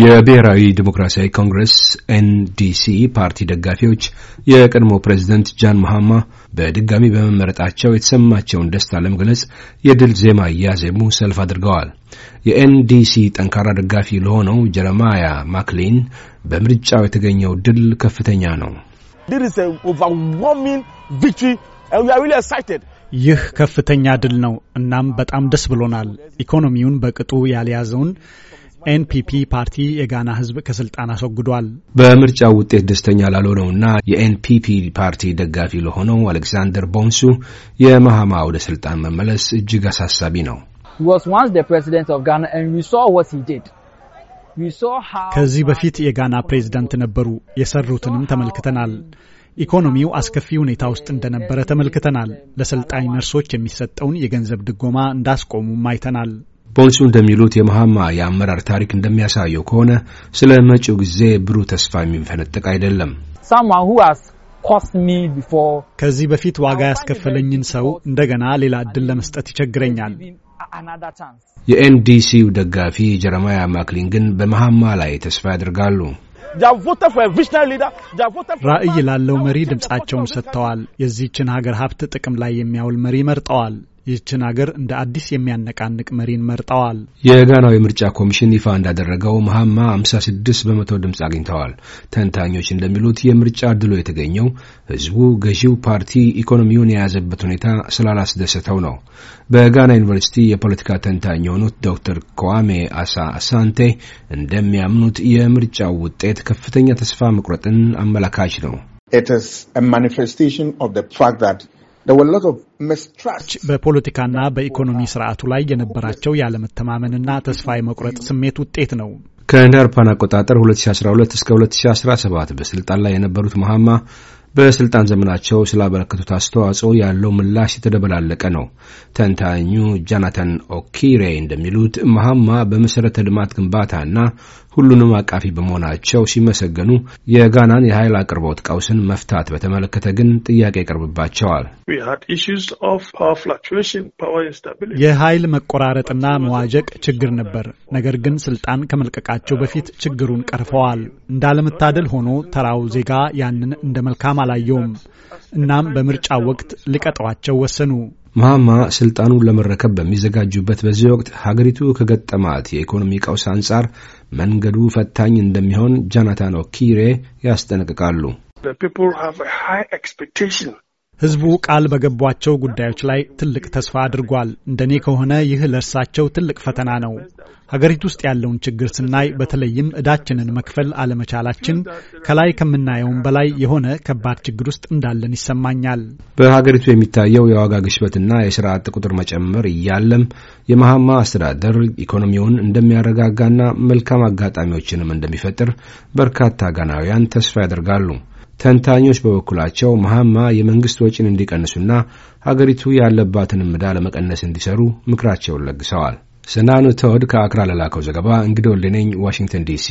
የብሔራዊ ዲሞክራሲያዊ ኮንግረስ ኤንዲሲ ፓርቲ ደጋፊዎች የቀድሞ ፕሬዚደንት ጃን መሃማ በድጋሚ በመመረጣቸው የተሰማቸውን ደስታ ለመግለጽ የድል ዜማ እያዜሙ ሰልፍ አድርገዋል። የኤንዲሲ ጠንካራ ደጋፊ ለሆነው ጀረማያ ማክሊን በምርጫው የተገኘው ድል ከፍተኛ ነው። ይህ ከፍተኛ ድል ነው። እናም በጣም ደስ ብሎናል። ኢኮኖሚውን በቅጡ ያልያዘውን ኤንፒፒ ፓርቲ የጋና ህዝብ ከስልጣን አስወግዷል። በምርጫው ውጤት ደስተኛ ላልሆነውና የኤንፒፒ ፓርቲ ደጋፊ ለሆነው አሌክዛንደር ቦንሱ የማሃማ ወደ ስልጣን መመለስ እጅግ አሳሳቢ ነው። ከዚህ በፊት የጋና ፕሬዝደንት ነበሩ። የሰሩትንም ተመልክተናል። ኢኮኖሚው አስከፊ ሁኔታ ውስጥ እንደነበረ ተመልክተናል። ለሰልጣኝ ነርሶች የሚሰጠውን የገንዘብ ድጎማ እንዳስቆሙም አይተናል። ቦንሱ እንደሚሉት የመሃማ የአመራር ታሪክ እንደሚያሳየው ከሆነ ስለ መጪው ጊዜ ብሩህ ተስፋ የሚፈነጥቅ አይደለም። ከዚህ በፊት ዋጋ ያስከፈለኝን ሰው እንደገና ሌላ እድል ለመስጠት ይቸግረኛል። የኤንዲሲው ደጋፊ ጀረማያ ማክሊን ግን በመሃማ ላይ ተስፋ ያደርጋሉ። ራዕይ ላለው መሪ ድምፃቸውን ሰጥተዋል። የዚህችን ሀገር ሀብት ጥቅም ላይ የሚያውል መሪ መርጠዋል። ይህችን አገር እንደ አዲስ የሚያነቃንቅ መሪን መርጠዋል። የጋናው የምርጫ ኮሚሽን ይፋ እንዳደረገው መሀማ 56 በመቶ ድምፅ አግኝተዋል። ተንታኞች እንደሚሉት የምርጫ ድሎ የተገኘው ህዝቡ ገዢው ፓርቲ ኢኮኖሚውን የያዘበት ሁኔታ ስላላስደሰተው ነው። በጋና ዩኒቨርሲቲ የፖለቲካ ተንታኝ የሆኑት ዶክተር ከዋሜ አሳ አሳንቴ እንደሚያምኑት የምርጫው ውጤት ከፍተኛ ተስፋ መቁረጥን አመላካች ነው። በፖለቲካና በኢኮኖሚ ስርዓቱ ላይ የነበራቸው ያለመተማመንና ተስፋ የመቁረጥ ስሜት ውጤት ነው። ከእንደ አውሮፓውያን አቆጣጠር 2012 እስከ 2017 በስልጣን ላይ የነበሩት መሐማ በስልጣን ዘመናቸው ስላበረከቱት አስተዋጽኦ ያለው ምላሽ የተደበላለቀ ነው። ተንታኙ ጃናታን ኦኪሬ እንደሚሉት መሐማ በመሠረተ ልማት ግንባታና ሁሉንም አቃፊ በመሆናቸው ሲመሰገኑ የጋናን የኃይል አቅርቦት ቀውስን መፍታት በተመለከተ ግን ጥያቄ ይቀርብባቸዋል። የኃይል መቆራረጥና መዋዠቅ ችግር ነበር። ነገር ግን ስልጣን ከመልቀቃቸው በፊት ችግሩን ቀርፈዋል። እንዳለመታደል ሆኖ ተራው ዜጋ ያንን እንደ መልካም አላየውም። እናም በምርጫ ወቅት ሊቀጠዋቸው ወሰኑ። መሃማ ስልጣኑን ለመረከብ በሚዘጋጁበት በዚህ ወቅት ሀገሪቱ ከገጠማት የኢኮኖሚ ቀውስ አንጻር መንገዱ ፈታኝ እንደሚሆን ጃናታን ኦኪሬ ያስጠነቅቃሉ። ህዝቡ ቃል በገቧቸው ጉዳዮች ላይ ትልቅ ተስፋ አድርጓል። እንደኔ ከሆነ ይህ ለእርሳቸው ትልቅ ፈተና ነው። ሀገሪቱ ውስጥ ያለውን ችግር ስናይ በተለይም እዳችንን መክፈል አለመቻላችን ከላይ ከምናየውም በላይ የሆነ ከባድ ችግር ውስጥ እንዳለን ይሰማኛል። በሀገሪቱ የሚታየው የዋጋ ግሽበትና የስራ አጥ ቁጥር መጨመር እያለም የመሃማ አስተዳደር ኢኮኖሚውን እንደሚያረጋጋና መልካም አጋጣሚዎችንም እንደሚፈጥር በርካታ ጋናውያን ተስፋ ያደርጋሉ። ተንታኞች በበኩላቸው መሐማ የመንግስት ወጪን እንዲቀንሱና ሀገሪቱ ያለባትን ዕዳ ለመቀነስ እንዲሰሩ ምክራቸውን ለግሰዋል። ሰናኑ ተወድ ከአክራ ለላከው ዘገባ እንግዶ ልነኝ ዋሽንግተን ዲሲ